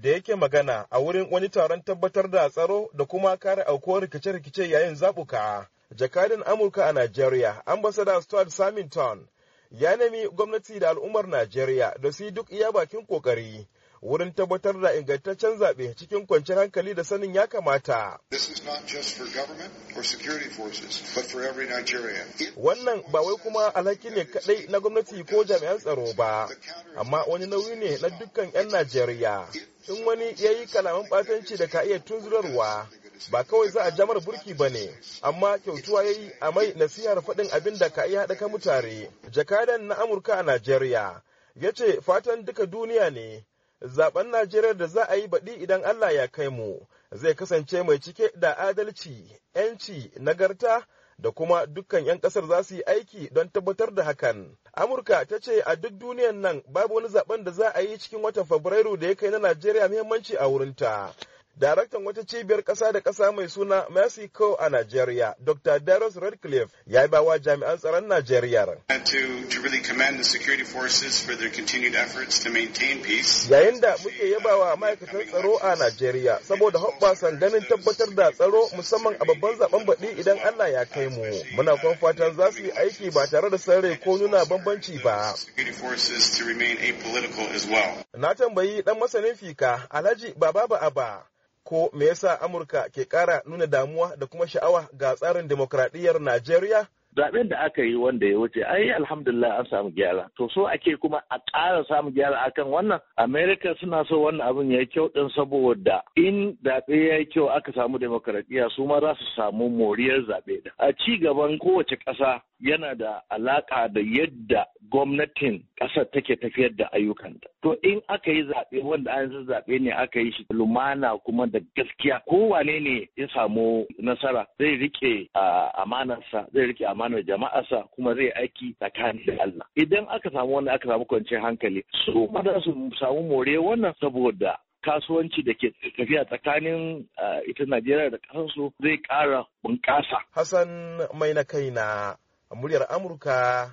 da yake magana a wurin wani taron tabbatar da tsaro da kuma kare aukuwar rikice-rikice yayin zaɓuka. Jakadin Amurka a Najeriya, ambasada Stuart Samington, ya nemi gwamnati da al'ummar Najeriya da su yi duk iya bakin ƙoƙari wurin tabbatar da ingantaccen zaɓe cikin kwanciyar hankali da sanin ya kamata. Wannan ba wai kuma alhaki ne kaɗai na gwamnati ko jami'an tsaro ba, amma wani nauyi ne na dukkan 'yan Najeriya. In wani ya yi kalaman batanci da ka iya tunzurarwa, ba kawai za a jamar burki ba ne amma kyautuwa ya yi a mai nasihar faɗin abin da ka iya haɗa ka mutare jakadan na amurka a najeriya ya ce fatan duka duniya ne zaben Najeriya da za a yi baɗi idan Allah ya kai mu zai kasance mai cike da adalci, 'yanci, nagarta da kuma dukkan 'yan ƙasar za su yi aiki don tabbatar da hakan. Amurka ta ce a duk duniyan nan babu wani zaben da za a yi cikin watan Fabrairu da ya kai na Najeriya muhimmanci a wurinta. Daraktan wata cibiyar ƙasa da ƙasa mai suna Mercy Co a Najeriya, Dr. Darius Radcliffe, ya yi bawa jami'an tsaron Najeriya. Yayin da muke yabawa ma'aikatan tsaro a Najeriya saboda hoɓɓasan ganin tabbatar da tsaro musamman a babban zaben baɗi idan Allah ya kai mu. Muna kwan fatan za su yi aiki ba tare da sarrai ko nuna bambanci ba. Na tambayi ɗan masanin fika Alhaji ba Baba ba Ko me yasa Amurka ke ƙara nuna damuwa da kuma sha'awa ga tsarin demokradiyyar Najeriya? Zaɓen da aka yi wanda ya wuce ai alhamdulillah an samu gyara to so ake kuma a ƙara samu gyara akan wannan Amerika suna so wannan abin ya yi kyau ɗin saboda in zaɓe ya yi kyau aka samu demokradiyya su ma za su samu moriyar zaɓe da a ci gaban kowace ƙasa yana da alaƙa da yadda gwamnatin ƙasar take tafiyar da ayyukanta. To in aka yi zaɓe wanda an zaɓe ne aka yi shi lumana kuma da gaskiya Ko wane ne ya samu nasara zai rike amanarsa zai rike amanar jama'arsa kuma zai aiki tsakanin da Allah. Idan aka samu wanda aka samu kwanciyar hankali su ma su samu more wannan saboda kasuwanci da ke tafiya tsakanin ita Najeriya da su zai ƙara bunƙasa. Hassan mai na kai na muryar Amurka